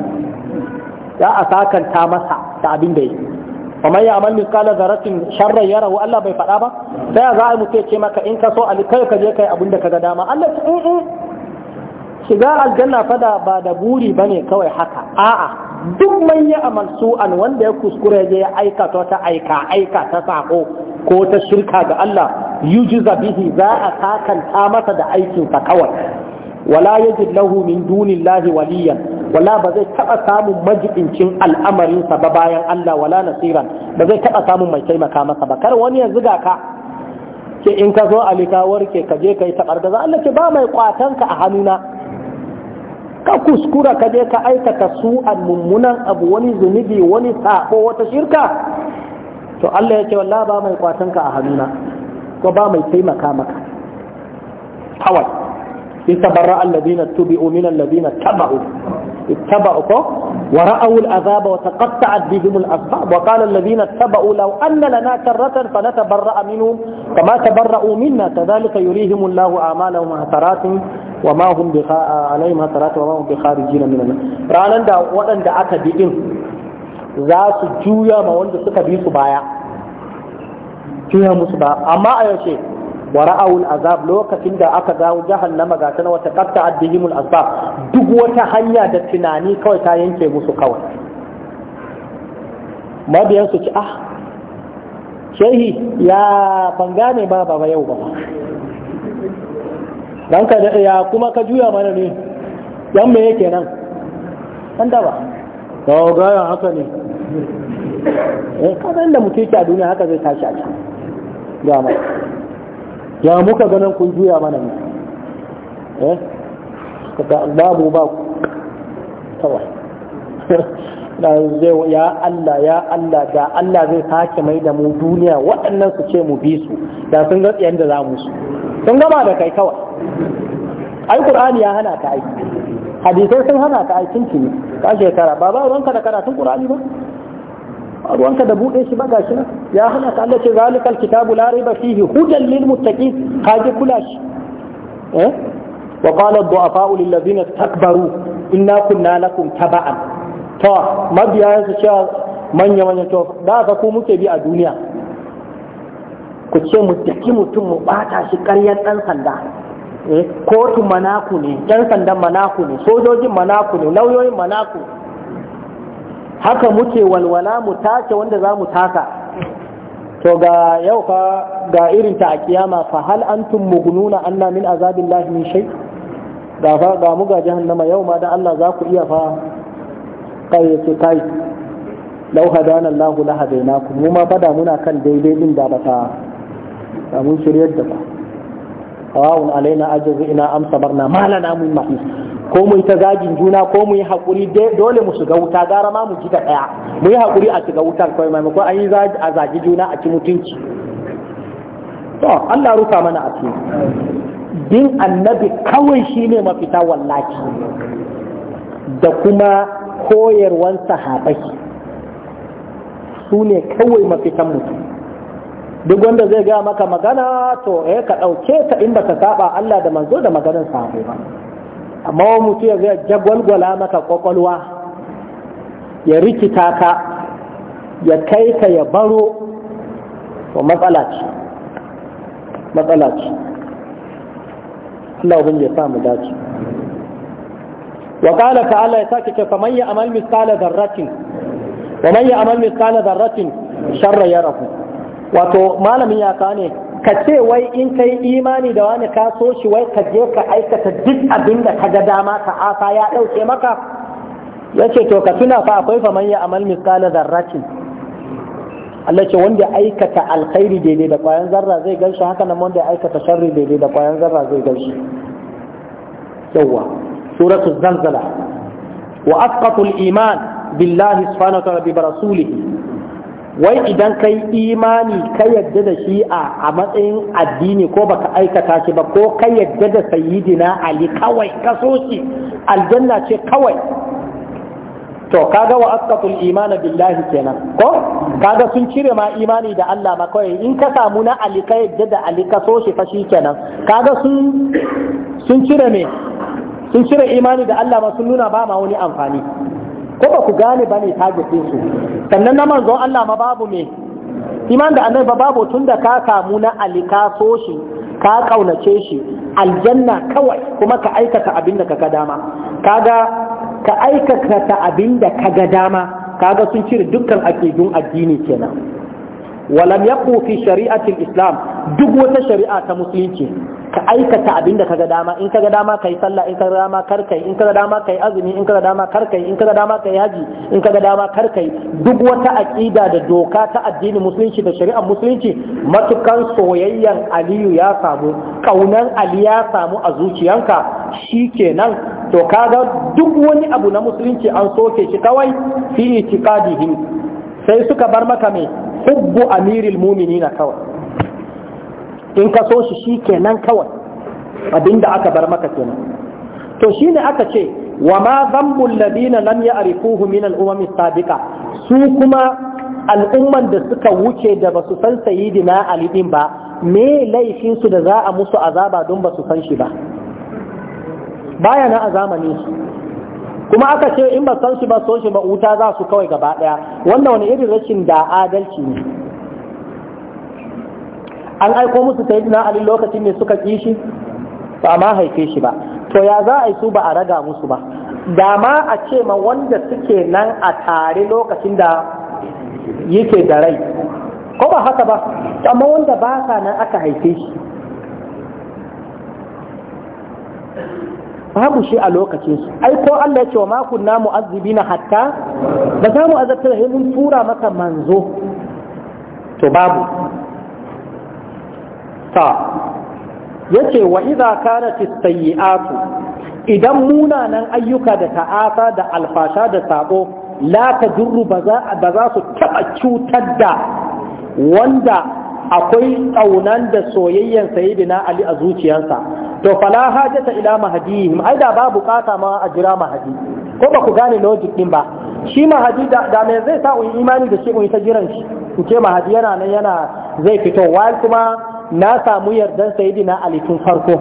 ya asakanta masa da abin da yi amma ya amal misqala zaratin Yara yarahu Allah bai faɗa ba sai za a mutu ce maka in ka so alkai ka je kai abin da kaga dama Allah ce in mm, mm. shiga aljanna fada ba da buri ba ne kawai haka a'a duk man ya amal su'an wanda ya kuskure ya ya aikata ta aika aika ta sako ko ta shirka ga Allah yuji bihi za a takanta masa da aikinsa kawai wala yajid lahu min dunillahi waliyan wala ba zai taɓa samun majibincin al'amarinsa ba bayan Allah wala nasiran ba zai taɓa samun mai taimaka masa ba kar wani yanzu daka ka ke in ka zo Ali ka warke ka je ka yi taɓar da za Allah ce ba mai kwatanka a hannuna ka kuskura ka je ka aikata a mummunan abu wani zunubi wani sabo wata shirka to Allah ya ce wallahi ba mai kwatanka a hannuna ko ba mai taimaka maka kawai يتبرأ الذين اتبعوا من الذين اتبعوا اتبعوا ورأوا العذاب وتقطعت بهم الأسباب وقال الذين اتبعوا لو أن لنا كرة فنتبرأ منهم كما تبرأوا منا كذلك يريهم الله أعمالهم هترات وما هم بخا... عليهم هترات وما هم بخارجين من النار رانا دا وأن دا أكا بإن ذا سجويا ما وند سكا بيسو بايا جويا مسبا أما أيوشي wa ra'awul azab lokacin da aka dawo jahannama ga tana wata qatta addihimul asbab duk wata hanya da tunani kawai ta yanke musu kawai mabiyan su ci ah shehi ya ban ne ba ba yau ba dan ka ya kuma ka juya mana ne yan me yake nan an da ba to ga haka ne eh kadan da mutum yake a duniya haka zai tashi a can ga mai ya muka ganin kun juya mana ne eh babu ba kawai [laughs] ya Allah ya Allah da Allah zai sake mai da mu duniya waɗannan su ce mu bi su da sun ga da za mu su sun gama da kai kawai ai qur'ani ya hana ka aiki hadisai sun hana ka aikin ki ka shekara ba ba ranka da karatun qur'ani ba ruwanka da buɗe shi ba gashi ya hana ka Allah ce zalikal kitabu la riba fihi hudan lil muttaqin kaje kula shi eh wa qala ad-du'afa'u lil ladina takbaru inna kunna lakum taba'an to mabiya su cewa manya manya to da ka ku muke bi a duniya ku ce mu mutum mu bata shi ƙaryar dan sanda eh kotu manaku ne dan sandan manaku ne sojojin manaku ne lauyoyin manaku ne haka muke walwala mu take wanda za mu taka to ga yau fa ga irin ta a kiyama fa hal antum mughnuna anna min azabillahi min shay ga fa ga mu ga jahannama yau ma da Allah za ku iya fa kai ce kai law hadana Allah la hadainakum mu ma fada muna kan daidai din da ba ta mun shiryar da ba sawa'un alaina ajru ina barna mala na mun mafi ko mu yi ta zagin juna ko mu yi haƙuri dole mu shiga wuta gara ma mu ji ta ɗaya mu yi haƙuri a shiga wutar kawai maimakon an yi a zagi juna a ci mutunci to Allah rufa mana asiri bin annabi kawai shine mafita wallaki da kuma koyarwan sahabai su ne kawai mafitan mutum duk wanda zai gaya maka magana to eh ka ɗauke ta in baka saba Allah da manzo da maganar sa ba amma wa mutu ya zai jagwalgwala maka kwakwalwa ya rikita ka ya kai ka ya baro to matsala ce matsala ce Allah ubin ya sa mu dace wa qala Allah ya sake ce faman ya amal misqala dharratin wa man ya amal misqala dharratin sharra yarahu wato malamin ya kawo ne ka ce wai in kai imani da wani ka so shi wai ka je ka aikata duk abin da ka ga dama ka asa ya ɗauke maka ya ce to ka tuna fa akwai faman ya amal misqala zarratin Allah ce wanda aikata alkhairi daidai da kwayan zarra zai gan shi haka nan wanda aikata sharri daidai da kwayan zarra zai gan shi yawa suratu zanzala wa asqatul iman billahi subhanahu wa ta'ala bi rasulihi wai idan kai imani ka yadda da shi a matsayin addini ko baka aikata shi ba ko ka yadda da sayyidina ali kawai ka so shi aljanna ce kawai to kaga wa asqatul imana billahi kenan ko kaga sun cire ma imani da Allah ma kawai in ka samu na ali ka yadda da ali ka so shi fa shi kenan kaga sun sun cire me sun cire imani da Allah ma sun nuna ba ma wani amfani ko ba ku gane ba ne target su sannan na manzon Allah ma babu me iman da annabi babu tunda ka samu na alika so shi ka kaunace shi aljanna kawai kuma ka aikata abin da ka ga dama kaga ka aikata abin da ka ga dama kaga sun cire dukkan akidun addini kenan walam yaqu fi shari'atil islam duk wata shari'a ta musulunci ka aikata abin da kaga dama in kaga dama kai sallah in kaga dama kar kai in kaga dama kai azumi in kaga dama kar kai in kaga dama kai haji in kaga dama kar kai duk wata aqida da doka ta addini musulunci da shari'ar musulunci matukan soyayyan aliyu ya samu kaunan ali ya samu a zuciyanka shikenan to kaga duk wani abu na musulunci an soke shi kawai fi itiqadihim sai suka bar maka me hubbu amiril mu'minina kawai in ka so shi shi kenan kawai abinda aka bar maka kenan to shine aka ce wa ma zambul ladina lam ya'rifuhu min al-umam sabiqa su kuma al'umman da suka wuce da ba su san sayyidina ali din ba me laifin su da za a musu azaba don ba su san shi ba baya na a zamanin su kuma aka ce in ba san shi ba so shi ba wuta za su kawai gaba daya wannan wani irin rashin da adalci ne an aiko musu sai na ali lokacin ne suka kishi shi ba ma haife shi ba to ya za a yi su ba a raga musu ba da ma a ce ma wanda suke nan a tare lokacin da yake da rai ko ba haka ba amma wanda ba sa nan aka haife shi babu shi a lokacin su ai ko Allah ya ce wa ma kunna mu'azzibina hatta ba za mu azabta da mun tura maka manzo to babu ta yace wa idza kanat sayyi'atu idan munanan ayyuka da ta'asa da alfasha da sabo la ta tajurru ba za su taba cutar da wanda akwai tsaunan da soyayyen sayyidina ali a zuciyarsa to fala hajata ila mahdihim ai da ba bukata ma a jira mahadi ko ba ku gane logic din ba shi mahadi da me zai sa in imani da shi in ta jiran shi ku ce mahdi yana nan yana zai fito wal kuma na samu yardan sayidina ali tun farko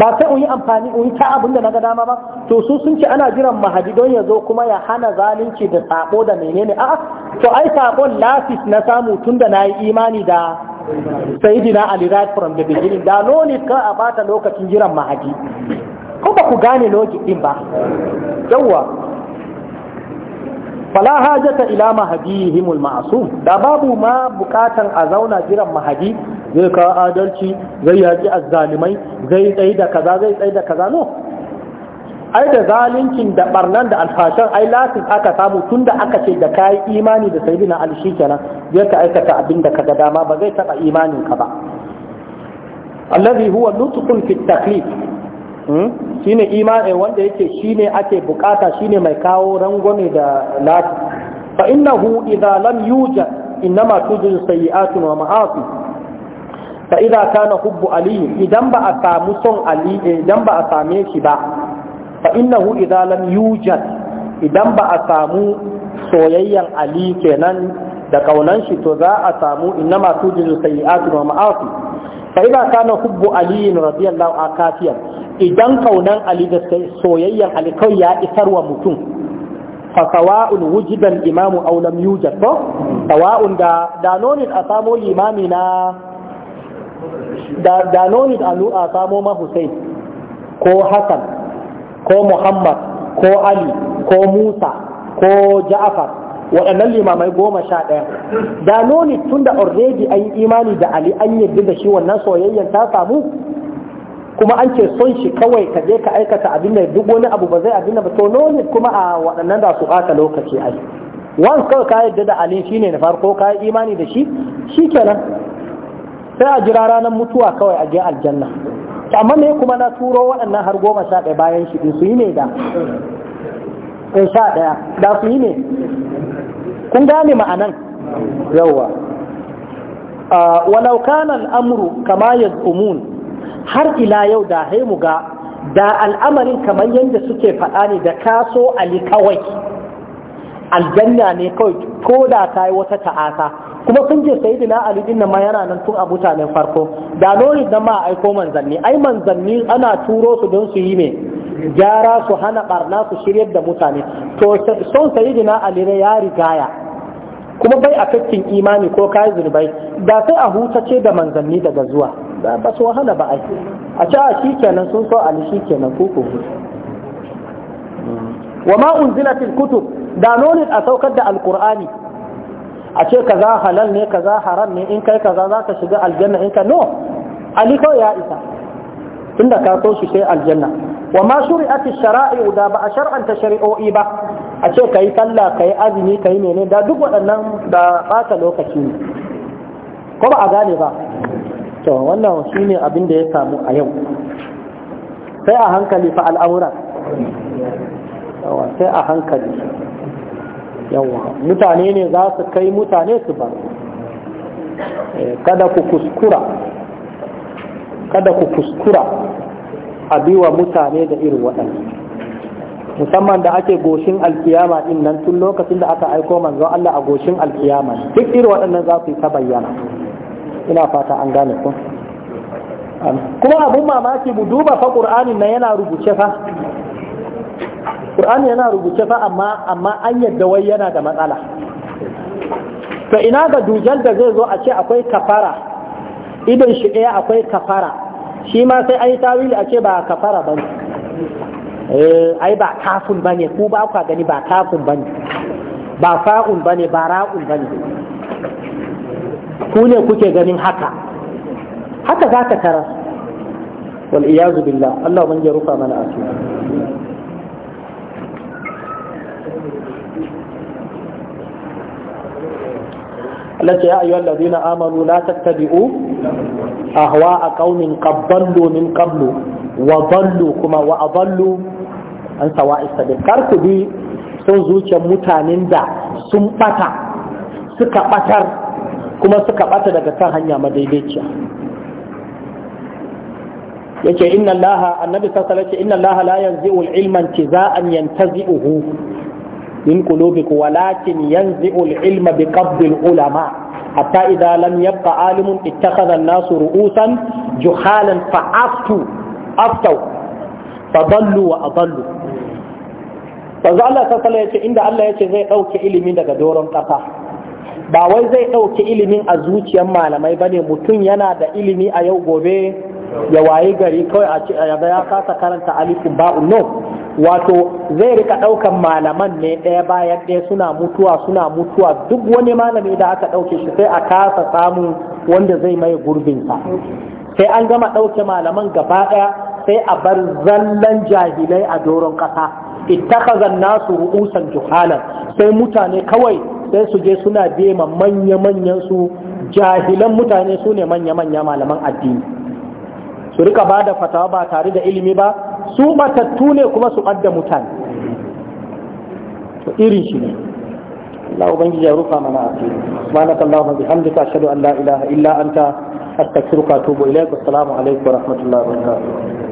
ba sai un yi amfani un ta abin na ga dama ba to su sun ce ana jiran mahadi don ya zo kuma ya hana zalunci da sabo da menene a'a to ai sabon lafis na samu tunda da na yi imani da sayidina ali right from the beginning da noni ka a bata lokacin jiran mahadi ko ba ku gane logic din ba yawwa fala hajata ila mahadihim al-ma'sum da babu ma bukatan a zauna jiran mahadi zai kawo adalci zai yaji azzalimai zai tsayi da kaza zai tsayi da kaza no ai da zalincin da barnan da alfashan ai lasin aka samu tunda aka ce da kayi imani da sayyidina ali shikenan zai ka aikata abin da ga dama ba zai taba imanin ka ba alladhi huwa nutqun fi taklif Hmm? Shi ne imanin wanda yake ne ake bukata shine mai kawo rangwame da lati fa ina hu idza lam yujad sai tujidu sayi'atun wa ma'asi fa idza kana hubbu ali idan ba a samu son ali idan ba a same shi ba fa hu idza lam yuja idan ba a samu soyayyan ali kenan da kaunan shi to za a samu ma tujidu sayi'atun wa ma'asi fa idza kana hubbu ali radiyallahu anhu kafiyan idan kaunan ali da soyayyar ali kawai ya isar wa mutum fa sawa'un wujidan imamu aw lam yujad to sawa'un da da a samo limami na da danonin nonin a samo ma Hussein ko Hassan ko Muhammad ko Ali ko Musa ko Ja'far waɗannan limamai goma sha ɗaya da noni tun da already an yi imani da ali an yadda da shi wannan soyayyen ta samu kuma an ce son shi kawai ka je ka aikata abin da duk wani abu ba zai abin da ba to noni kuma a waɗannan da su aka lokaci ai once kawai ka yadda da alin shine na farko ka yi imani da shi shi kenan sai a jira ranar mutuwa kawai a je aljanna amma me kuma na turo waɗannan har goma sha ɗaya bayan shi su yi ne da in sha ɗaya da su yi ne kun gane ma'anan yawwa ah, walau kana al'amru kama yaz'umun har ila yau da haimuga ga da al'amarin kamar yadda suke faɗa ne da kaso ali kawai aljanna ne kawai ko da ta yi wata ta'asa kuma sun ce sai dina ali din ma yana nan tun a mutanen farko da nori na ma aiko manzanni ai manzanni ana turo su don su yi me gyara su hana ɓarna su shiryar da mutane to son sai ali ne ya rigaya kuma bai a kakkin imani ko kayi zurbai da sai a hutace da manzanni daga zuwa ba su wahala ba ai a ci a ah, shi kenan sun so ali shi kenan ku ku hmm. wa ma unzilatil kutub da nonin a saukar da alqur'ani a ce kaza halal ne kaza haram ne in kai kaza zaka shiga aljanna in ka no ali ko ya isa tunda ka so shi sai aljanna wa ma shuri'at shara'i da ba a shar'anta shari'o'i ba a ce ka yi sallah ka yi azumi ka yi mene da duk waɗannan da ɓata lokaci ne ko ba a gane ba to wannan shi ne abin da ya samu a yau sai a hankali fa al'amura sai a hankali yawa mutane ne za su kai mutane su ba eh, kada ku kuskura kada ku kuskura a biwa mutane da irin waɗannan musamman da ake goshin alkiyama din nan tun lokacin da aka aiko manzo Allah a goshin alkiyama duk irin waɗannan za su yi ta bayyana ina fata an gane ku kuma abun mamaki mu duba fa qur'anin nan yana rubuce fa qur'ani yana rubuce fa amma amma an yadda wai yana da matsala to ina ga dujal da zai zo a ce akwai kafara idan shi ɗaya akwai kafara shi ma sai an yi tawili a ce ba kafara ba ne eh ai ba kafun bane ku ba kwa gani ba kafun bane ba fa'un bane ba ra'un bane ku ne kuke ganin haka haka za ka tarar wal iyazu billah Allah ban ya rufa mana asiri Allah ce ya ayyuhal ladina amanu la tattabi'u a qaumin qad dallu min qablu wa dallu kuma wa adallu an sawa sabil kar ku bi son zuciyar mutanen da sun bata suka batar kuma suka bata daga kan hanya madaidaiciya yace inna allaha annabi sallallahu alaihi wasallam inna allaha la yanzi'u al-ilma intiza'an yantazi'uhu min ku walakin yanzi'u al-ilma bi qabdi ulama hatta idza lam yabqa alimun ittakhadha nasu ru'usan juhalan fa'aftu aftaw fadallu wa adallu Yanzu Allah ta ya ce inda Allah ya ce zai ɗauke ilimi daga doron ƙasa ba wai zai ɗauke ilimin a zuciyar malamai ba ne mutum yana da ilimi a yau gobe ya waye gari kawai a ce ya ya kasa karanta alifin ba'un no wato zai rika ɗaukan malaman ne ɗaya bayan ɗaya suna mutuwa suna mutuwa duk wani malami da aka ɗauke shi sai a kasa samu wanda zai mai gurbin sa sai an gama ɗauke malaman gaba ɗaya sai a bar zallan jahilai a doron ƙasa ittakhazan nasu ru'usan juhalan sai mutane kawai sai su je suna bema manya-manyan su jahilan mutane su ne manya-manya malaman addini su rika ba da fatawa ba tare da ilimi ba su matattu ne kuma su ɓadda mutane to irin shi ne Allah ubangiji ya rufa mana ashhadu an la ilaha illa anta astaghfiruka wa atubu assalamu alaikum wa rahmatullahi wa barakatuh